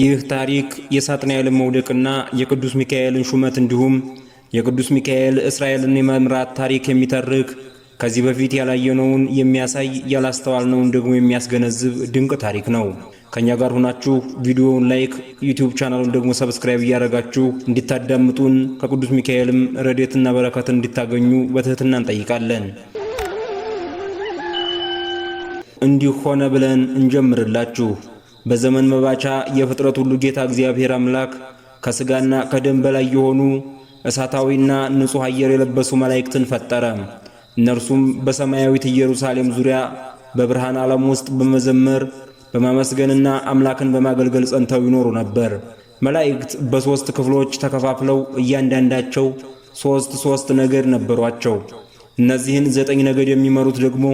ይህ ታሪክ የሳጥናኤልን መውደቅና የቅዱስ ሚካኤልን ሹመት እንዲሁም የቅዱስ ሚካኤል እስራኤልን የመምራት ታሪክ የሚተርክ ከዚህ በፊት ያላየነውን የሚያሳይ ያላስተዋልነውን ደግሞ የሚያስገነዝብ ድንቅ ታሪክ ነው። ከእኛ ጋር ሆናችሁ ቪዲዮውን ላይክ፣ ዩቲዩብ ቻናሉን ደግሞ ሰብስክራይብ እያደረጋችሁ እንዲታዳምጡን ከቅዱስ ሚካኤልም ረዴትና በረከትን እንድታገኙ በትህትና እንጠይቃለን። እንዲህ ሆነ ብለን እንጀምርላችሁ። በዘመን መባቻ የፍጥረት ሁሉ ጌታ እግዚአብሔር አምላክ ከስጋና ከደም በላይ የሆኑ እሳታዊና ንጹሕ አየር የለበሱ መላእክትን ፈጠረ። እነርሱም በሰማያዊት ኢየሩሳሌም ዙሪያ በብርሃን ዓለም ውስጥ በመዘመር በማመስገንና አምላክን በማገልገል ጸንተው ይኖሩ ነበር። መላእክት በሦስት ክፍሎች ተከፋፍለው እያንዳንዳቸው ሦስት ሦስት ነገድ ነበሯቸው። እነዚህን ዘጠኝ ነገድ የሚመሩት ደግሞ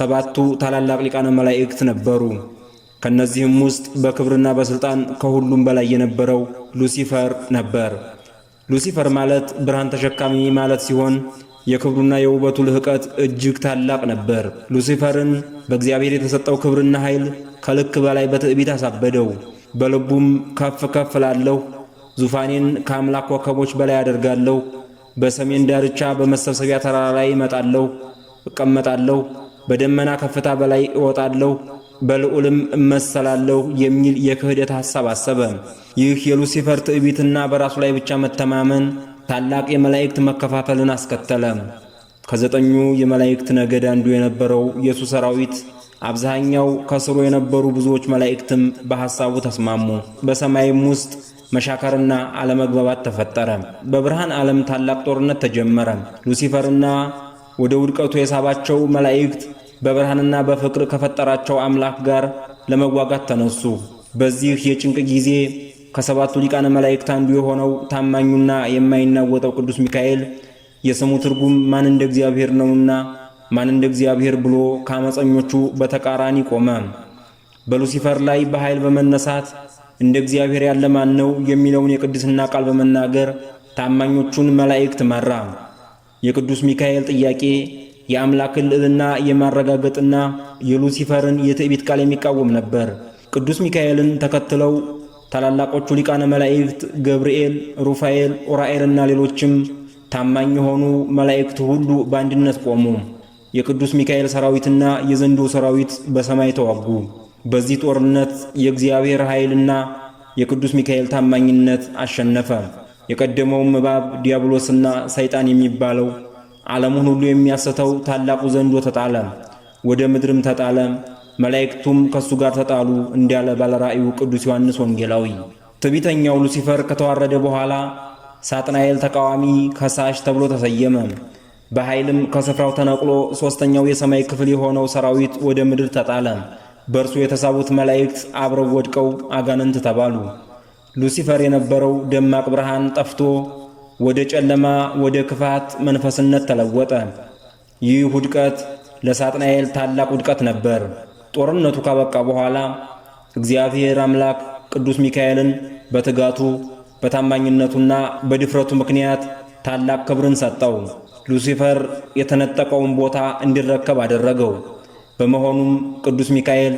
ሰባቱ ታላላቅ ሊቃነ መላእክት ነበሩ። ከእነዚህም ውስጥ በክብርና በሥልጣን ከሁሉም በላይ የነበረው ሉሲፈር ነበር። ሉሲፈር ማለት ብርሃን ተሸካሚ ማለት ሲሆን የክብሩና የውበቱ ልህቀት እጅግ ታላቅ ነበር። ሉሲፈርን በእግዚአብሔር የተሰጠው ክብርና ኃይል ከልክ በላይ በትዕቢት አሳበደው። በልቡም ከፍ ከፍ ላለሁ፣ ዙፋኔን ከአምላክ ኮከቦች በላይ አደርጋለሁ፣ በሰሜን ዳርቻ በመሰብሰቢያ ተራራ ላይ እመጣለሁ እቀመጣለሁ፣ በደመና ከፍታ በላይ እወጣለሁ በልዑልም እመሰላለሁ የሚል የክህደት ሐሳብ አሰበ። ይህ የሉሲፈር ትዕቢትና በራሱ ላይ ብቻ መተማመን ታላቅ የመላእክት መከፋፈልን አስከተለ። ከዘጠኙ የመላእክት ነገድ አንዱ የነበረው የሱ ሰራዊት አብዛኛው ከስሩ የነበሩ ብዙዎች መላእክትም በሐሳቡ ተስማሙ። በሰማይም ውስጥ መሻከርና አለመግባባት ተፈጠረ። በብርሃን ዓለም ታላቅ ጦርነት ተጀመረ። ሉሲፈርና ወደ ውድቀቱ የሳባቸው መላእክት በብርሃንና በፍቅር ከፈጠራቸው አምላክ ጋር ለመዋጋት ተነሱ። በዚህ የጭንቅ ጊዜ ከሰባቱ ሊቃነ መላእክት አንዱ የሆነው ታማኙና የማይናወጠው ቅዱስ ሚካኤል የስሙ ትርጉም ማን እንደ እግዚአብሔር ነውና ማን እንደ እግዚአብሔር ብሎ ከአመፀኞቹ በተቃራኒ ቆመ። በሉሲፈር ላይ በኃይል በመነሳት እንደ እግዚአብሔር ያለ ማን ነው የሚለውን የቅድስና ቃል በመናገር ታማኞቹን መላእክት መራ። የቅዱስ ሚካኤል ጥያቄ የአምላክን ልዕልና የማረጋገጥና የሉሲፈርን የትዕቢት ቃል የሚቃወም ነበር። ቅዱስ ሚካኤልን ተከትለው ታላላቆቹ ሊቃነ መላእክት ገብርኤል፣ ሩፋኤል፣ ኡራኤልና ሌሎችም ታማኝ የሆኑ መላእክት ሁሉ በአንድነት ቆሙ። የቅዱስ ሚካኤል ሰራዊትና የዘንዶ ሰራዊት በሰማይ ተዋጉ። በዚህ ጦርነት የእግዚአብሔር ኃይልና የቅዱስ ሚካኤል ታማኝነት አሸነፈ። የቀደመውም እባብ ዲያብሎስና ሰይጣን የሚባለው ዓለሙን ሁሉ የሚያስተው ታላቁ ዘንዶ ተጣለ፣ ወደ ምድርም ተጣለ፣ መላእክቱም ከሱ ጋር ተጣሉ እንዳለ ባለራእዩ ቅዱስ ዮሐንስ ወንጌላዊ። ትዕቢተኛው ሉሲፈር ከተዋረደ በኋላ ሳጥናኤል ተቃዋሚ ከሳሽ ተብሎ ተሰየመ። በኃይልም ከስፍራው ተነቅሎ ሦስተኛው የሰማይ ክፍል የሆነው ሰራዊት ወደ ምድር ተጣለ። በእርሱ የተሳቡት መላእክት አብረው ወድቀው አጋንንት ተባሉ። ሉሲፈር የነበረው ደማቅ ብርሃን ጠፍቶ ወደ ጨለማ ወደ ክፋት መንፈስነት ተለወጠ። ይህ ውድቀት ለሳጥናኤል ታላቅ ውድቀት ነበር። ጦርነቱ ካበቃ በኋላ እግዚአብሔር አምላክ ቅዱስ ሚካኤልን በትጋቱ በታማኝነቱና በድፍረቱ ምክንያት ታላቅ ክብርን ሰጠው። ሉሲፈር የተነጠቀውን ቦታ እንዲረከብ አደረገው። በመሆኑም ቅዱስ ሚካኤል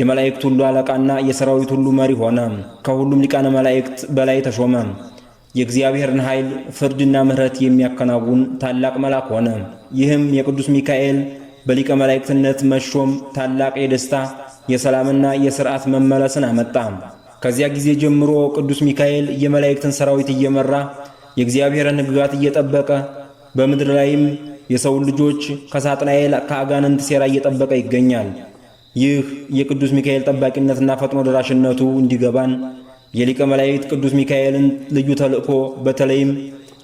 የመላእክት ሁሉ አለቃና የሰራዊት ሁሉ መሪ ሆነ። ከሁሉም ሊቃነ መላእክት በላይ ተሾመ። የእግዚአብሔርን ኃይል ፍርድና ምሕረት የሚያከናውን ታላቅ መልአክ ሆነ። ይህም የቅዱስ ሚካኤል በሊቀ መላእክትነት መሾም ታላቅ የደስታ የሰላምና የሥርዓት መመለስን አመጣ። ከዚያ ጊዜ ጀምሮ ቅዱስ ሚካኤል የመላእክትን ሰራዊት እየመራ የእግዚአብሔርን ሕግጋት እየጠበቀ በምድር ላይም የሰውን ልጆች ከሳጥናኤል ከአጋንንት ሴራ እየጠበቀ ይገኛል። ይህ የቅዱስ ሚካኤል ጠባቂነትና ፈጥኖ ደራሽነቱ እንዲገባን የሊቀ መላእክት ቅዱስ ሚካኤልን ልዩ ተልእኮ በተለይም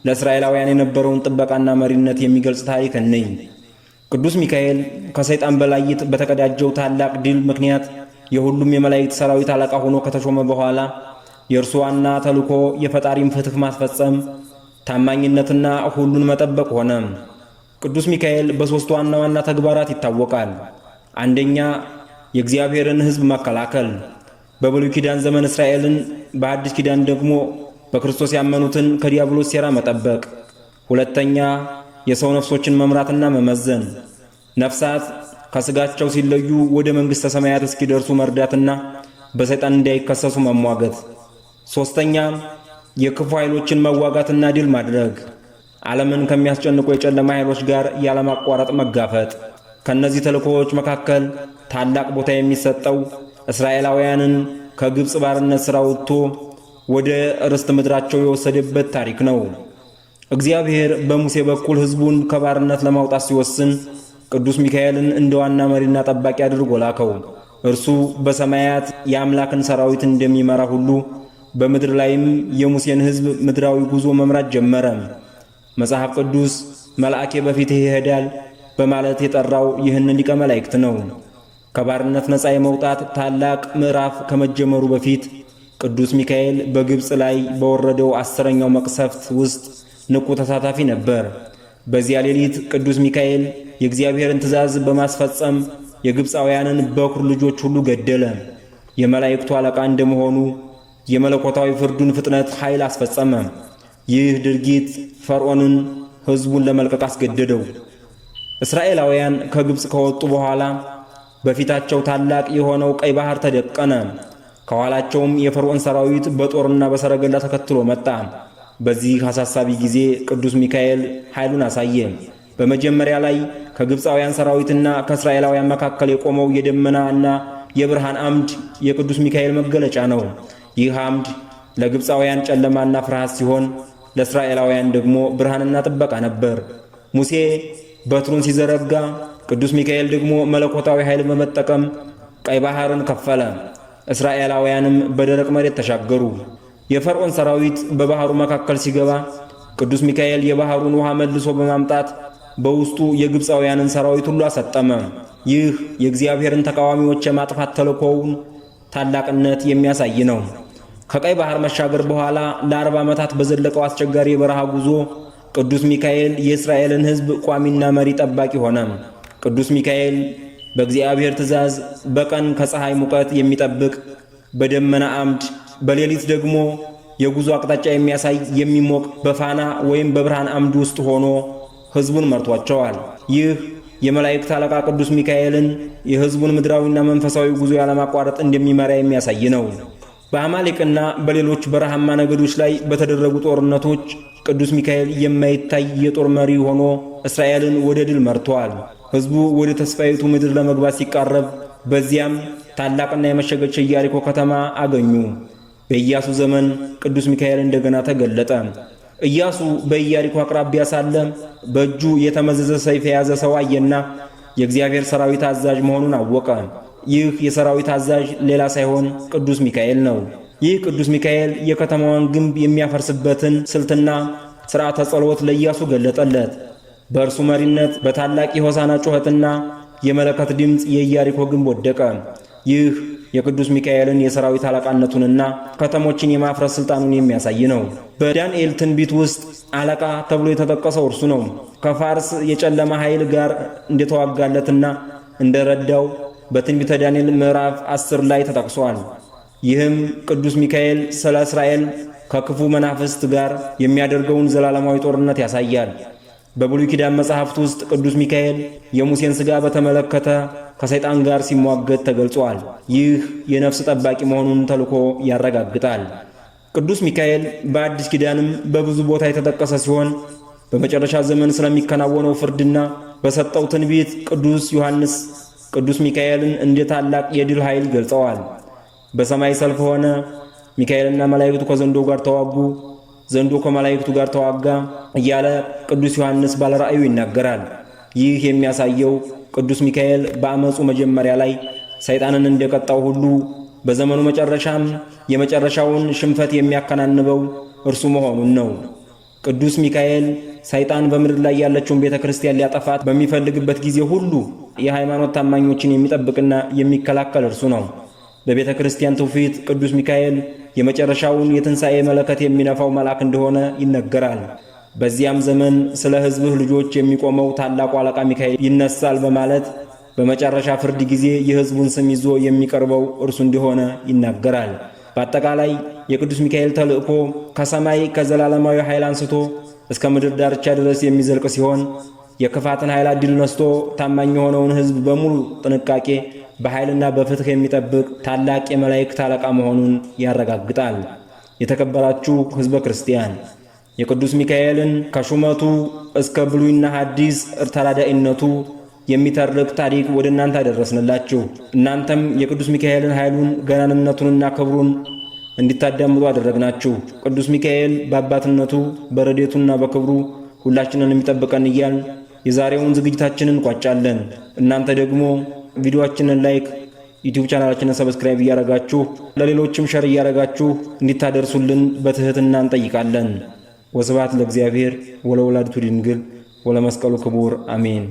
ለእስራኤላውያን የነበረውን ጥበቃና መሪነት የሚገልጽ ታሪክ እነኝ። ቅዱስ ሚካኤል ከሰይጣን በላይ በተቀዳጀው ታላቅ ድል ምክንያት የሁሉም የመላእክት ሰራዊት አለቃ ሆኖ ከተሾመ በኋላ የእርሱ ዋና ተልእኮ የፈጣሪን ፍትህ ማስፈጸም፣ ታማኝነትና ሁሉን መጠበቅ ሆነ። ቅዱስ ሚካኤል በሦስት ዋና ዋና ተግባራት ይታወቃል። አንደኛ፣ የእግዚአብሔርን ሕዝብ መከላከል በብሉይ ኪዳን ዘመን እስራኤልን በአዲስ ኪዳን ደግሞ በክርስቶስ ያመኑትን ከዲያብሎስ ሴራ መጠበቅ። ሁለተኛ የሰው ነፍሶችን መምራትና መመዘን፣ ነፍሳት ከስጋቸው ሲለዩ ወደ መንግሥተ ሰማያት እስኪደርሱ መርዳትና በሰይጣን እንዳይከሰሱ መሟገት። ሦስተኛ የክፉ ኃይሎችን መዋጋትና ድል ማድረግ፣ ዓለምን ከሚያስጨንቁ የጨለማ ኃይሎች ጋር ያለማቋረጥ መጋፈጥ። ከእነዚህ ተልእኮዎች መካከል ታላቅ ቦታ የሚሰጠው እስራኤላውያንን ከግብፅ ባርነት ሥራ ወጥቶ ወደ ርስት ምድራቸው የወሰደበት ታሪክ ነው። እግዚአብሔር በሙሴ በኩል ሕዝቡን ከባርነት ለማውጣት ሲወስን ቅዱስ ሚካኤልን እንደ ዋና መሪና ጠባቂ አድርጎ ላከው። እርሱ በሰማያት የአምላክን ሰራዊት እንደሚመራ ሁሉ በምድር ላይም የሙሴን ሕዝብ ምድራዊ ጉዞ መምራት ጀመረ። መጽሐፍ ቅዱስ መልአኬ በፊትህ ይሄዳል በማለት የጠራው ይህን ሊቀ መላእክት ነው። ከባርነት ነፃ የመውጣት ታላቅ ምዕራፍ ከመጀመሩ በፊት ቅዱስ ሚካኤል በግብፅ ላይ በወረደው አስረኛው መቅሰፍት ውስጥ ንቁ ተሳታፊ ነበር። በዚያ ሌሊት ቅዱስ ሚካኤል የእግዚአብሔርን ትእዛዝ በማስፈጸም የግብፃውያንን በኩር ልጆች ሁሉ ገደለ። የመላእክቱ አለቃ እንደመሆኑ የመለኮታዊ ፍርዱን ፍጥነት ኃይል አስፈጸመ። ይህ ድርጊት ፈርዖንን ሕዝቡን ለመልቀቅ አስገደደው። እስራኤላውያን ከግብፅ ከወጡ በኋላ በፊታቸው ታላቅ የሆነው ቀይ ባህር ተደቀነ። ከኋላቸውም የፈርዖን ሰራዊት በጦርና በሰረገላ ተከትሎ መጣ። በዚህ አሳሳቢ ጊዜ ቅዱስ ሚካኤል ኃይሉን አሳየ። በመጀመሪያ ላይ ከግብፃውያን ሰራዊትና ከእስራኤላውያን መካከል የቆመው የደመና እና የብርሃን አምድ የቅዱስ ሚካኤል መገለጫ ነው። ይህ አምድ ለግብፃውያን ጨለማና ፍርሃት ሲሆን፣ ለእስራኤላውያን ደግሞ ብርሃንና ጥበቃ ነበር። ሙሴ በትሩን ሲዘረጋ ቅዱስ ሚካኤል ደግሞ መለኮታዊ ኃይል በመጠቀም ቀይ ባህርን ከፈለ። እስራኤላውያንም በደረቅ መሬት ተሻገሩ። የፈርዖን ሰራዊት በባህሩ መካከል ሲገባ ቅዱስ ሚካኤል የባህሩን ውሃ መልሶ በማምጣት በውስጡ የግብፃውያንን ሰራዊት ሁሉ አሰጠመ። ይህ የእግዚአብሔርን ተቃዋሚዎች የማጥፋት ተልእኮውን ታላቅነት የሚያሳይ ነው። ከቀይ ባህር መሻገር በኋላ ለአርባ ዓመታት በዘለቀው አስቸጋሪ የበረሃ ጉዞ ቅዱስ ሚካኤል የእስራኤልን ሕዝብ ቋሚና መሪ ጠባቂ ሆነ። ቅዱስ ሚካኤል በእግዚአብሔር ትእዛዝ በቀን ከፀሐይ ሙቀት የሚጠብቅ በደመና አምድ በሌሊት ደግሞ የጉዞ አቅጣጫ የሚያሳይ የሚሞቅ በፋና ወይም በብርሃን አምድ ውስጥ ሆኖ ሕዝቡን መርቷቸዋል። ይህ የመላእክት አለቃ ቅዱስ ሚካኤልን የሕዝቡን ምድራዊና መንፈሳዊ ጉዞ ያለማቋረጥ እንደሚመራ የሚያሳይ ነው። በአማሌቅና በሌሎች በረሃማ ነገዶች ላይ በተደረጉ ጦርነቶች ቅዱስ ሚካኤል የማይታይ የጦር መሪ ሆኖ እስራኤልን ወደ ድል መርቷል። ሕዝቡ ወደ ተስፋይቱ ምድር ለመግባት ሲቃረብ በዚያም ታላቅና የመሸገች ኢያሪኮ ከተማ አገኙ። በኢያሱ ዘመን ቅዱስ ሚካኤል እንደገና ተገለጠ። ኢያሱ በኢያሪኮ አቅራቢያ ሳለ በእጁ የተመዘዘ ሰይፍ የያዘ ሰው አየና የእግዚአብሔር ሰራዊት አዛዥ መሆኑን አወቀ። ይህ የሰራዊት አዛዥ ሌላ ሳይሆን ቅዱስ ሚካኤል ነው። ይህ ቅዱስ ሚካኤል የከተማዋን ግንብ የሚያፈርስበትን ስልትና ሥርዓተ ጸሎት ለኢያሱ ገለጠለት። በእርሱ መሪነት በታላቅ የሆሳና ጩኸትና የመለከት ድምፅ የኢያሪኮ ግንብ ወደቀ። ይህ የቅዱስ ሚካኤልን የሰራዊት አለቃነቱንና ከተሞችን የማፍረስ ሥልጣኑን የሚያሳይ ነው። በዳንኤል ትንቢት ውስጥ አለቃ ተብሎ የተጠቀሰው እርሱ ነው። ከፋርስ የጨለማ ኃይል ጋር እንደተዋጋለትና እንደረዳው በትንቢተ ዳንኤል ምዕራፍ 10 ላይ ተጠቅሷል። ይህም ቅዱስ ሚካኤል ስለ እስራኤል ከክፉ መናፍስት ጋር የሚያደርገውን ዘላለማዊ ጦርነት ያሳያል። በብሉይ ኪዳን መጽሐፍት ውስጥ ቅዱስ ሚካኤል የሙሴን ሥጋ በተመለከተ ከሰይጣን ጋር ሲሟገት ተገልጿል። ይህ የነፍስ ጠባቂ መሆኑን ተልኮ ያረጋግጣል። ቅዱስ ሚካኤል በአዲስ ኪዳንም በብዙ ቦታ የተጠቀሰ ሲሆን በመጨረሻ ዘመን ስለሚከናወነው ፍርድና በሰጠው ትንቢት ቅዱስ ዮሐንስ ቅዱስ ሚካኤልን እንደ ታላቅ የድል ኃይል ገልጸዋል። በሰማይ ሰልፍ ሆነ፣ ሚካኤልና መላእክቱ ከዘንዶ ጋር ተዋጉ ዘንዶ ከመላእክቱ ጋር ተዋጋ እያለ ቅዱስ ዮሐንስ ባለራእዩ ይናገራል። ይህ የሚያሳየው ቅዱስ ሚካኤል በአመፁ መጀመሪያ ላይ ሰይጣንን እንደቀጣው ሁሉ በዘመኑ መጨረሻም የመጨረሻውን ሽንፈት የሚያከናንበው እርሱ መሆኑን ነው። ቅዱስ ሚካኤል ሰይጣን በምድር ላይ ያለችውን ቤተ ክርስቲያን ሊያጠፋት በሚፈልግበት ጊዜ ሁሉ የሃይማኖት ታማኞችን የሚጠብቅና የሚከላከል እርሱ ነው። በቤተ ክርስቲያን ትውፊት ቅዱስ ሚካኤል የመጨረሻውን የትንሣኤ መለከት የሚነፋው መልአክ እንደሆነ ይነገራል። በዚያም ዘመን ስለ ሕዝብህ ልጆች የሚቆመው ታላቁ አለቃ ሚካኤል ይነሳል በማለት በመጨረሻ ፍርድ ጊዜ የሕዝቡን ስም ይዞ የሚቀርበው እርሱ እንደሆነ ይናገራል። በአጠቃላይ የቅዱስ ሚካኤል ተልእኮ ከሰማይ ከዘላለማዊ ኃይል አንስቶ እስከ ምድር ዳርቻ ድረስ የሚዘልቅ ሲሆን የክፋትን ኃይል አድል ነስቶ ታማኝ የሆነውን ሕዝብ በሙሉ ጥንቃቄ በኃይልና በፍትህ የሚጠብቅ ታላቅ የመላእክት አለቃ መሆኑን ያረጋግጣል። የተከበራችሁ ሕዝበ ክርስቲያን የቅዱስ ሚካኤልን ከሹመቱ እስከ ብሉይና ሐዲስ ተራዳኢነቱ የሚተርክ ታሪክ ወደ እናንተ አደረስንላችሁ። እናንተም የቅዱስ ሚካኤልን ኃይሉን ገናንነቱንና ክብሩን እንዲታዳምጡ አደረግናችሁ። ቅዱስ ሚካኤል በአባትነቱ በረዴቱና በክብሩ ሁላችንን የሚጠብቀን እያል የዛሬውን ዝግጅታችንን እንቋጫለን። እናንተ ደግሞ ቪዲዮችንን ላይክ ዩቲዩብ ቻናላችንን ሰብስክራይብ እያደረጋችሁ ለሌሎችም ሸር እያደረጋችሁ እንዲታደርሱልን በትህትና እንጠይቃለን። ወስብሐት ለእግዚአብሔር ወለወላዲቱ ድንግል ወለመስቀሉ ክቡር አሜን።